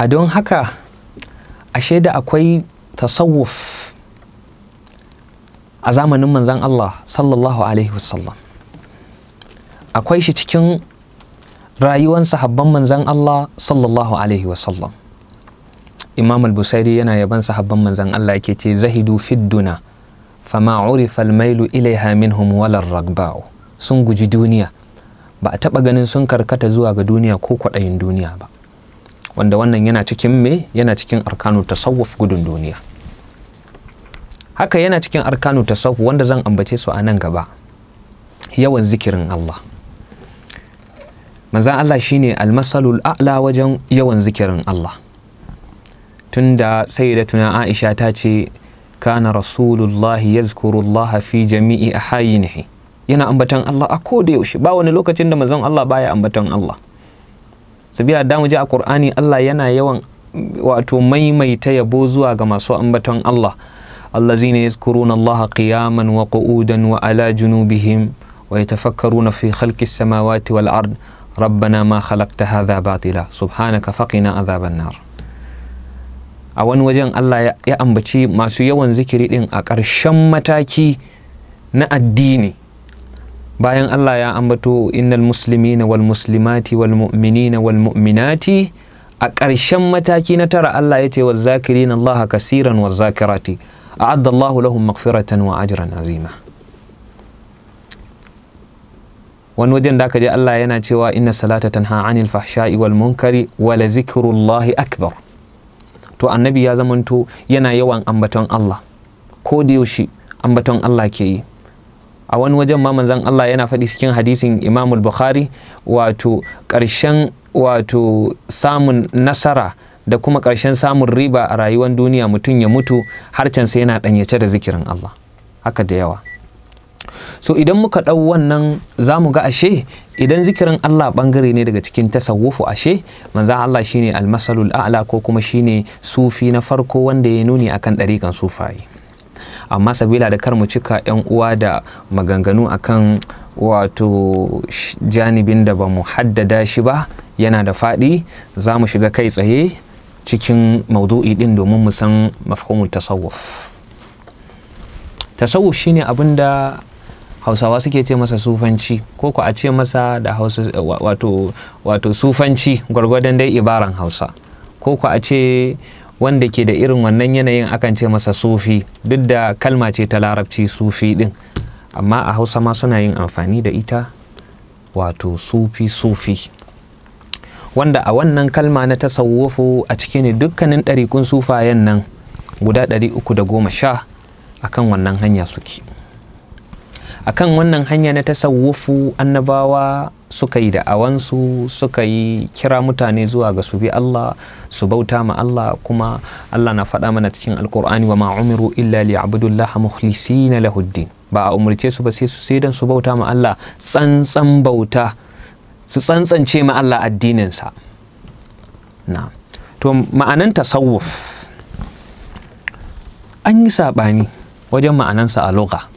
a don haka a da akwai tasawuf a zamanin manzan Allah sallallahu alaihi wasallam akwai shi cikin rayuwan sahabban manzan Allah sallallahu alaihi wasallam imam al-busairi yana yaban sahabban manzan Allah yake ce zahidu fidduna fama urifa al-mailu ilaiha minhum walar ragba'u sun guji duniya ba a taɓa ganin sun karkata zuwa ga duniya ko kwaɗayin duniya ba wanda wannan yana cikin me yana cikin arkanu tasawuf gudun duniya haka yana cikin arkanu tasawuf wanda zan ambace su a nan gaba yawan zikirin Allah manzan Allah shine almasalul a'la wajen yawan zikirin Allah tunda sayyidatuna Aisha ta ce kana rasulullahi yazkurullaha fi jami'i ahayinihi yana ambatan Allah a koda yaushe ba wani lokacin da manzon Allah baya ambatan Allah sabiya da mu ji a qur'ani Allah yana yawan wato maimaita yabo zuwa ga masu ambaton Allah allazina yazkuruna Allah qiyaman wa qu'udan wa ala junubihim wa yatafakkaruna fi khalqi samawati wal ard ربنا ما خلقت هذا باطلا سبحانك فقنا عذاب النار a wani wajen Allah ya ambaci masu yawan zikiri din a ƙarshen mataki na addini bayan Allah ya ambato innal muslimina wal muslimati wal mu'minina wal mu'minati a ƙarshen mataki na tara Allah ya ce wa zakirin Allah kasiran wa zakirati a addallahu lahum maghfiratan wa ajran azima wani wajen da aka je Allah yana cewa inna salata tanha anil fahsha'i wal munkari wa la zikrullahi akbar to annabi ya zamanto yana yawan ambaton Allah ko da yaushe ambaton Allah ke yi a wani wajen ma manzan Allah yana faɗi cikin hadisin Imam Bukhari wato ƙarshen wato samun nasara da kuma ƙarshen samun riba a rayuwar duniya mutum ya mutu har can sai yana ɗanyace da zikirin Allah haka da yawa so idan muka ɗau wannan za mu ga ashe idan zikirin Allah ɓangare ne daga cikin tasawufu ashe manzan Allah shine almasalul a'la ko kuma shine sufi na farko wanda ya nuni akan ɗarikan sufaye amma sabila da kar mu cika 'yan uwa da maganganu akan wato janibin da ba mu haddada shi ba yana da faɗi za mu shiga kai tsaye cikin maudu'i ɗin domin mu san mafhumul tasawuf tasawuf shine abin da hausawa suke ce masa sufanci ko ku a ce masa da hausa eh, wato wato sufanci gwargwadon dai ibaran hausa ko ku a ce wanda ke da irin wannan yanayin akan ce masa sufi duk da kalma ce ta larabci sufi din amma a hausa ma suna yin amfani da ita wato sufi sufi wanda a wannan kalma na tasawufu a ciki ne dukkanin ɗarikun sufayen nan guda ɗari uku da goma sha a kan wannan hanya suke a kan wannan hanya na tasawufu annabawa suka yi da'awansu suka yi kira mutane zuwa ga su bi Allah su bauta ma Allah kuma Allah na faɗa mana cikin alkur'ani wa ma'umiru illa abdullahi mukhlisina lahuddin ba a umarce su ba sai su sai dan su bauta ma Allah tsantsan bauta su tsantsance ma Allah addininsa na to ma'anan tasawuf an yi saɓani wajen ma'anansa a lugha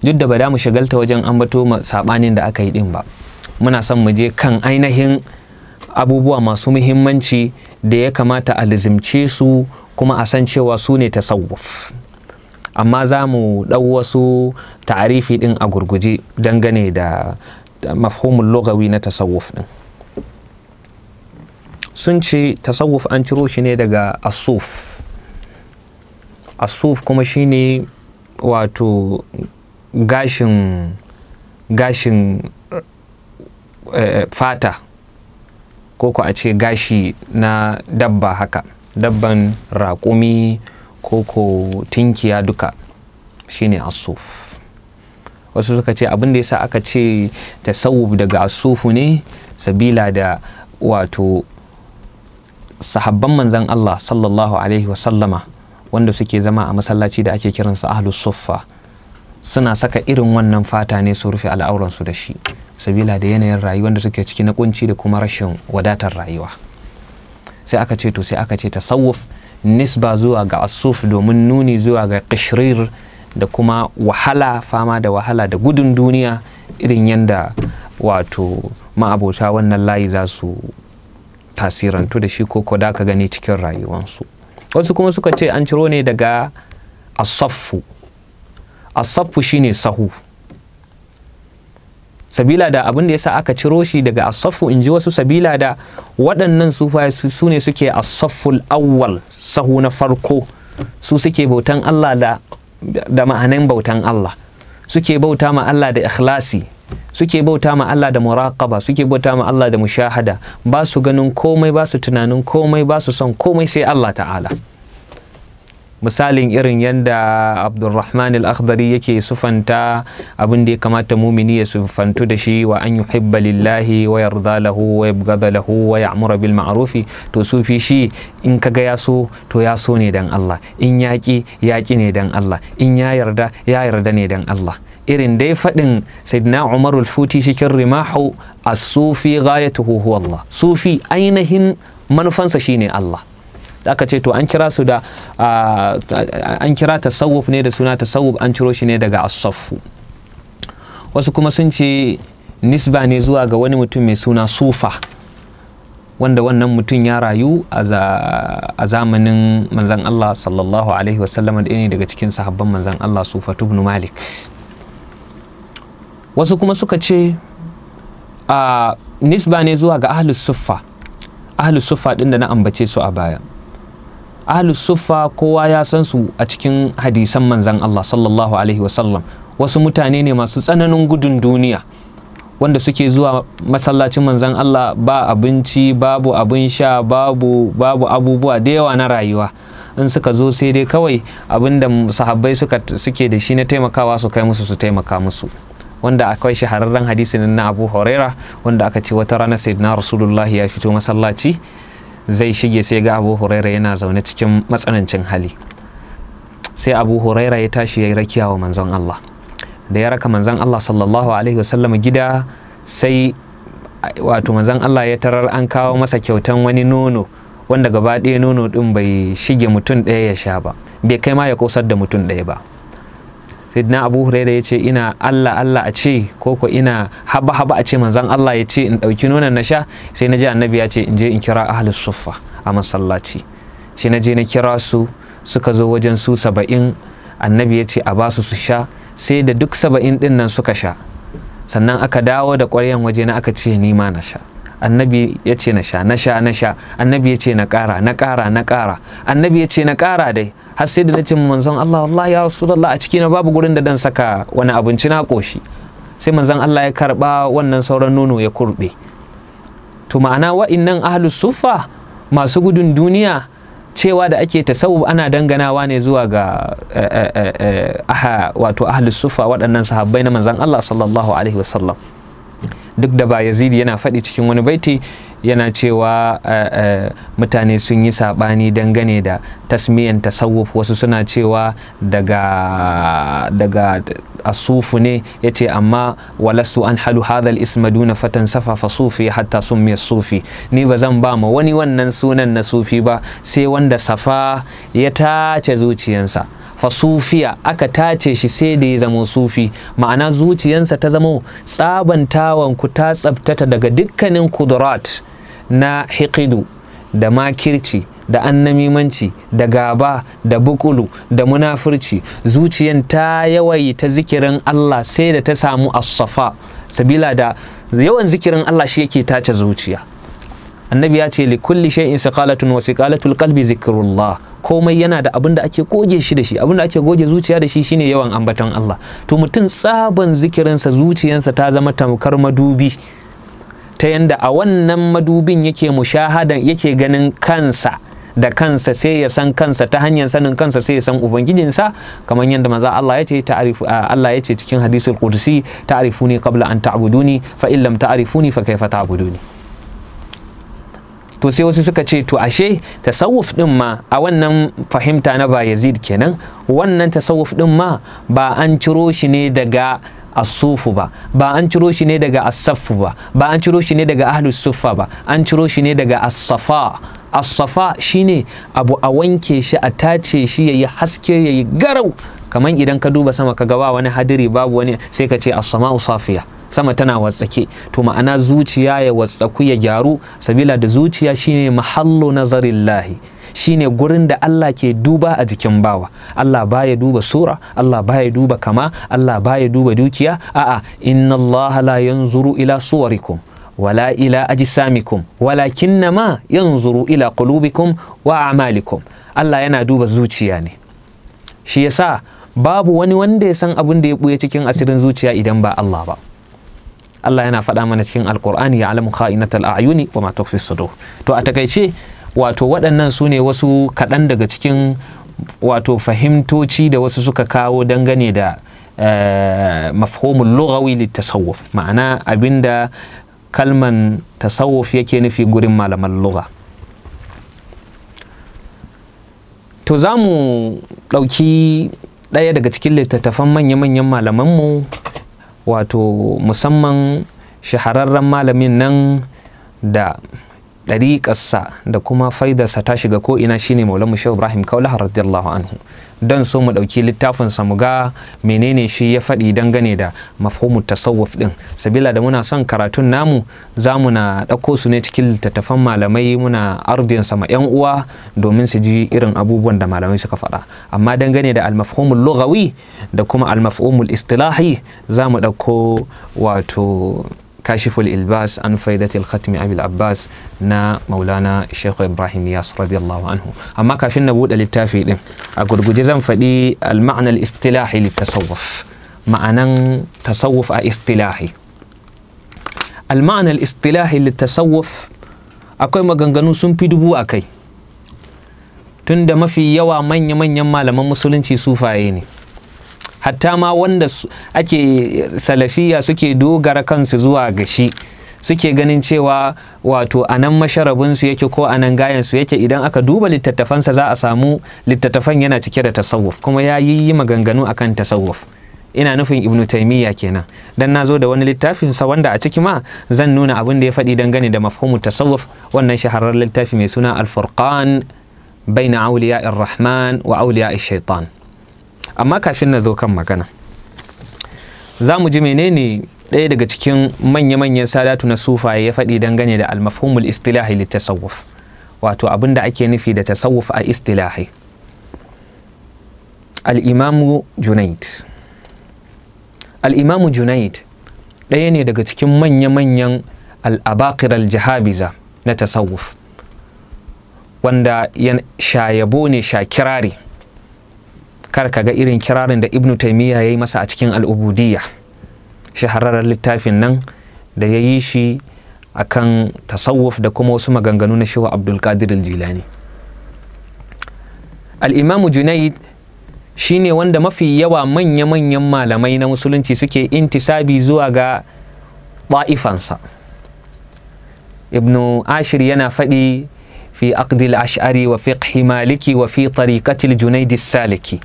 duk da ba da mu shagalta wajen ambato saɓanin da aka yi din ba muna son mu je kan ainihin abubuwa masu muhimmanci da ya kamata a lizimce su kuma a san cewa su ne tasawuf amma za mu ɗau wasu ta'arifi ɗin a gurguje dangane da mafhumin logawi na tasawuf ɗin sun ce tasawuf an ciro shi ne daga asuf asuf kuma shi ne wato gashin gashin Eh, fata ko ku a ce gashi na dabba haka dabban raƙumi ko ko tinkiya duka shine asuf wasu suka ce abin da yasa aka ce tasawuf daga asufu ne sabila da wato sahabban manzan Allah sallallahu alaihi wasallama wanda suke zama a masallaci da ake kiransa ahlus suffa suna saka irin wannan fata ne su rufe al'auransu da shi sabila da yanayin rayuwar da suke ciki na kunci da kuma rashin wadatar rayuwa sai aka ce to sai aka ce tasawuf nisba zuwa ga asuf domin nuni zuwa ga kishirir da kuma wahala fama da wahala da gudun duniya irin yadda wato ma'abota wannan layi za su tasirantu da shi ko koda ka gani cikin rayuwansu wasu kuma suka ce an ciro ne daga asaffu asaffu shine sahu sabila da abin da yasa aka ciro shi daga asafu in ji wasu sabila da waɗannan sufaye su ne suke asaful awwal sahu na farko su suke bautan Allah da da ma'anan bautan Allah suke bauta ma Allah da ikhlasi suke bauta ma Allah da muraqaba suke bauta ma Allah da mushahada ba su ganin komai ba su tunanin komai ba su son komai sai Allah ta'ala misalin irin yadda abdulrahman al-akhdari yake sufanta abin da ya kamata mumini ya sufantu da shi wa an yuhibba lillahi wa yarda lahu wa yabghadha lahu wa ya'mura bil ma'rufi to sufi shi in kaga ya so to ya so ne dan Allah in yaki yaki ne dan Allah in ya yarda ya yarda ne dan Allah irin dai faɗin sayyidina Umar al-Futi shikin rimahu as-sufi ghayatuhu huwa Allah sufi ainihin manufansa shine Allah aka ce to an kira su da an kira tasawuf ne da suna tasawuf an ciro shi ne daga asafu wasu kuma sun ce nisba ne zuwa ga wani mutum mai suna sufa wanda wannan mutum ya rayu a zamanin manzan Allah sallallahu alaihi wasallam da ne daga cikin sahabban manzan Allah sufa ibn malik wasu kuma suka ce a nisba ne zuwa ga ahlus suffa ahlus suffa din da na ambace su a baya ahlus suffa kowa ya san su a cikin hadisan manzan Allah sallallahu alaihi wasallam wasu mutane ne masu tsananin gudun duniya wanda suke zuwa masallacin manzan Allah ba abinci babu abin sha babu babu abubuwa da yawa na rayuwa in suka zo sai dai kawai abinda da sahabbai suke da shi na taimakawa su kai musu su taimaka musu wanda akwai shahararren hadisin na Abu Huraira wanda aka ce wata rana sayyidina rasulullahi ya fito masallaci zai shige sai ga abu huraira yana zaune cikin matsanancin hali sai abu huraira ya tashi ya rakiya wa manzon Allah da ya raka manzon Allah sallallahu alaihi wasallam gida sai wato manzon Allah ya tarar an kawo masa kyautan wani nono wanda gaba ɗaya nono ɗin bai shige mutum ɗaya ya sha ba bai kai ma ya kosar da mutum ɗaya ba sidna abu huraira ya ce ina allah allah a ce ko ko ina haba haba a ce manzan allah ya ce in ɗauki nonon na sha sai na ji annabi ya ce in je in kira ahalus suffa a masallaci sai na je na kira su suka zo wajen su saba'in annabi ya ce a basu su sha sai da duk saba'in din nan suka sha sannan aka dawo da ƙwaryan waje na aka ce ni ma na sha annabi ya ce na sha na sha na sha annabi ya ce na ƙara na ƙara na ƙara annabi ya ce na ƙara dai har sai da na ce manzon Allah Allah ya Allah a ciki na babu gurin da dan saka wani abinci na koshi sai manzon Allah ya karba wannan sauran nono ya kurbe to ma'ana wa'innan ahlus suffa masu gudun duniya cewa da ake ta tasawuf ana danganawa ne zuwa ga eh, eh, eh, wato ahlus sufa waɗannan sahabbai na manzon Allah sallallahu alaihi wasallam duk da ba yazidi yana faɗi cikin wani baiti yana cewa eh, eh, mutane sun yi saɓani dangane da tasmiyan tasawuf wasu suna cewa daga asufu ne ya ce amma walastu an halu hadal ismaduna fatan safafa sufi hatta sun miya sufi ni ba zan ba ma wani wannan sunan na sufi ba sai wanda safa ya tace zuciyansa fasufiya aka tace shi sai da ya zama sufi ma'ana zuciyansa ta zama tsabantawan ku ta tsabtata daga dukkanin kudurat na hikidu da makirci da annamimanci da gaba da bukulu da munafurci zuciyan ta yawai ta zikirin Allah sai da ta samu as sabila da yawan zikirin Allah shi yake tace zuciya annabi ya ce li kulli shay'in siqalatun wa siqalatul qalbi zikrullah komai yana da abin da ake goge shi da shi abin da ake goge zuciya da shi shine yawan ambaton Allah to mutum tsaban zikirinsa zuciyarsa ta zama tamkar madubi ta yanda a wannan madubin yake mushahadan yake ganin kansa da kansa sai ya san kansa ta hanyar sanin kansa sai ya san ubangijinsa kamar yadda maza Allah ya ta'arifu Allah ya ce cikin hadisul qudsi ta'rifuni qabla an ta'buduni fa in lam ta'rifuni fa kaifa ta'buduni to sai wasu suka ce to ashe tasawuf din ma a wannan fahimta na bayazid kenan wannan tasawuf din ma ba an ciro shi ne daga asufu ba ba an ciro shi ne daga asaffu ba ba an ciro shi ne daga ahlus suffa ba an ciro shi ne daga asafa asafa shine abu a wanke shi a tace shi yayi haske yayi garau kamar idan ka duba sama ka ga ba wani hadiri babu wani sai ka ce as-sama'u safiya sama tana watsake to ma'ana zuciya ya watsaku ya gyaru sabila da zuciya shine nazarin nazarillahi shine gurin da Allah ke duba a jikin bawa Allah baya duba sura Allah baya duba kama Allah baya duba dukiya a'a inna Allah la yanzuru ila suwarikum wala ila ajsamikum walakinna ma yanzuru ila qulubikum wa a'malikum Allah yana duba zuciya ne shi yasa babu wani wanda ya san abin da ya buya cikin asirin zuciya idan ba Allah ba Allah yana faɗa mana cikin Alƙur'ani ya alamu kha'inatal a'yuni wa ma tukfi sudur to a takaice wato waɗannan su ne wasu kaɗan daga cikin wato fahimtoci da wasu suka kawo dangane da eh, mafhumul lughawi litasawuf ma'ana abinda kalman tasawuf yake nufi gurin malaman lugha to za mu ɗauki ɗaya daga cikin littattafan manya-manyan malamanmu wato musamman shahararren malamin nan da ɗariƙarsa da kuma faidarsa ta shiga ko ina shine maulan mu shehu ibrahim kaulaha radiyallahu anhu don so mu ɗauki littafinsa mu ga menene shi ya faɗi dangane da mafhumu tasawuf ɗin sabila da muna son karatun namu za mu na ɗauko su ne cikin littattafan malamai muna ardin sama yan uwa domin su ji irin abubuwan da malamai suka faɗa amma dangane da almafhumul lugawi da kuma almafhumul istilahi za mu ɗauko wato kashiful ilbas an faidatil khatmi abil abbas na maulana shekhu ibrahim yas radiyallahu anhu amma kafin na buɗe littafi ɗin a gurguje zan faɗi al-ma'ana al ma'anan tasawuf a istilahi al-ma'ana al akwai maganganu sun fi dubu a kai tunda mafi yawa manya-manyan malaman musulunci sufaye ne hatta ma wanda ake salafiya suke dogara kansu zuwa ga shi suke ganin cewa wato a nan masharabinsu yake ko a nan gayansu yake idan aka duba littattafansa za a samu littattafan yana cike da tasawuf kuma ya yi maganganu akan tasawuf ina nufin ibn taimiyya kenan dan na zo da wani littafin sa wanda a ciki ma zan nuna abin da ya faɗi dangane da mafhumu tasawuf wannan shahararren littafi mai suna al-furqan baina awliya rahman wa awliya shaitan amma kafin na zo kan magana za mu ji menene ɗaya daga cikin manya-manyan sadatu na sufaye ya faɗi dangane da almafhumul istilahi tasawuf wato abin da ake nufi da tasawuf a istilahi al'imamu junaid al'imamu junaid ɗaya ne daga cikin manya-manyan al'abakiral jihabiza na tasawuf wanda shayabo ne shakirari kar ka ga irin kirarin da ibnu taimiyya ya yi masa a cikin al'ubudiyya shahararren littafin nan da ya yi shi akan tasawuf da kuma wasu maganganu na abdul abdulkadir al-jilani al'imamu junaid shine wanda mafi yawa manya-manyan malamai na musulunci suke intisabi zuwa ga ɗa'ifansa ibnu ashir yana faɗi fi aqdil ash'ari wa fiqh maliki wa fi tariqatil junaid saliki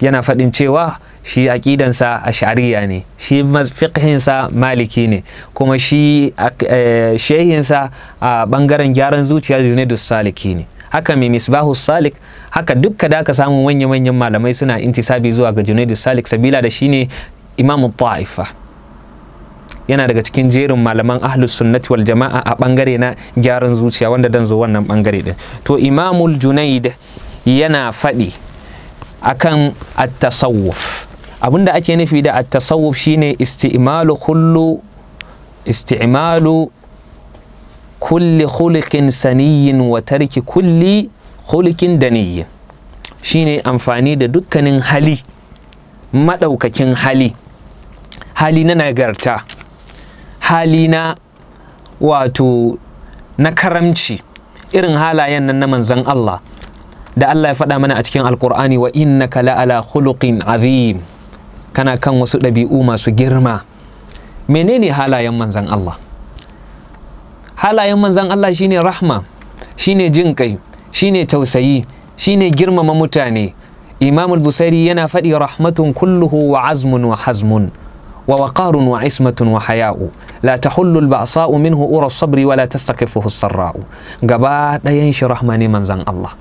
yana faɗin cewa shi aƙidansa shari'a ne shi fiƙhinsa maliki ne kuma shi eh, shehinsa a ɓangaren gyaran zuciya junaidu saliki ne haka mai misbahu salik haka dukka da aka samu manya-manyan malamai suna intisabi zuwa ga junaidu salik sabila da shine imamu ta'ifa yana daga cikin jerin malaman ahlus sunnati wal jama'a a bangare na gyaran zuciya wanda dan zo wannan bangare din to imamul junaid yana faɗi akan at-tasawuf abinda ake nufi da at-tasawuf shine isti'malu kullu isti'malu kulli khuluqin saniyyin wa tarki kulli khuluqin daniyyi shine amfani da dukkanin hali madaukakin hali hali na nagarta hali na wato na karamci irin halayen nan na manzon Allah da Allah ya faɗa mana a cikin alkur'ani wa innaka la'ala khuluqin azim kana kan wasu ɗabi'u masu girma menene halayen manzan Allah halayen manzan Allah shine rahma shine jin kai shine tausayi shine girmama mutane imam al-busairi yana faɗi rahmatun kulluhu wa azmun wa hazmun wa waqarun wa ismatun wa haya'u la tahullu al-ba'sa'u minhu ura sabri wa la tastaqifuhu sarra'u gaba ɗayan shi rahma ne manzan Allah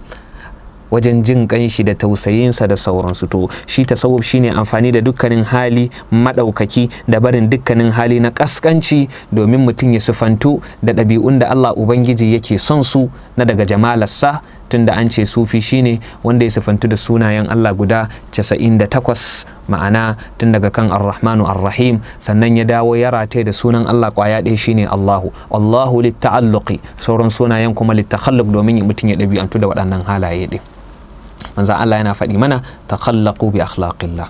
wajen jin ƙanshi da tausayinsa da sauransu to shi tasawuf shine amfani da dukkanin hali maɗaukaki da barin dukkanin hali na kaskanci domin mutum ya sufantu da ɗabi'un da Allah ubangiji yake son su na daga jamalarsa tunda an ce sufi shine wanda ya sufantu da sunayen Allah guda 98 ma'ana tun daga kan ar arrahim sannan ya dawo ya rataye da sunan Allah kwaya ɗaya shine Allahu Allahu litta'alluqi sauran sunayen kuma littakhalluq domin mutum ya ɗabi'antu da waɗannan halaye ɗin manzan Allah yana faɗi mana takhallaqu bi akhlaqillah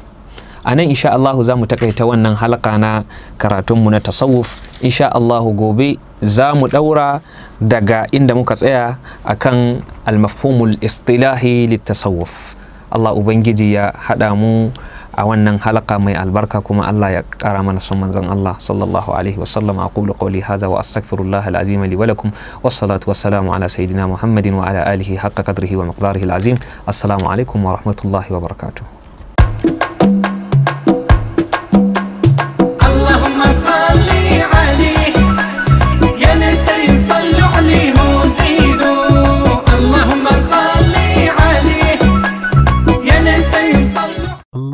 nan insha Allah za mu takaita wannan halka na karatunmu na tasawuf insha Allah gobe za mu ɗaura daga inda muka tsaya akan al-mafhumul istilahi lit tasawuf Allah ubangiji ya haɗa mu a wannan halaka mai albarka kuma Allah ya kara mana son manzon Allah sallallahu alaihi wa sallam aqulu qawli hadha wa astaghfirullah alazim li wa lakum wassalatu wassalamu ala sayidina Muhammadin wa ala alihi haqqa qadrihi wa miqdarihi alazim assalamu alaikum wa rahmatullahi wa barakatuh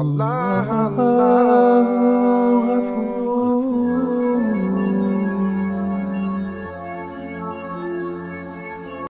Allah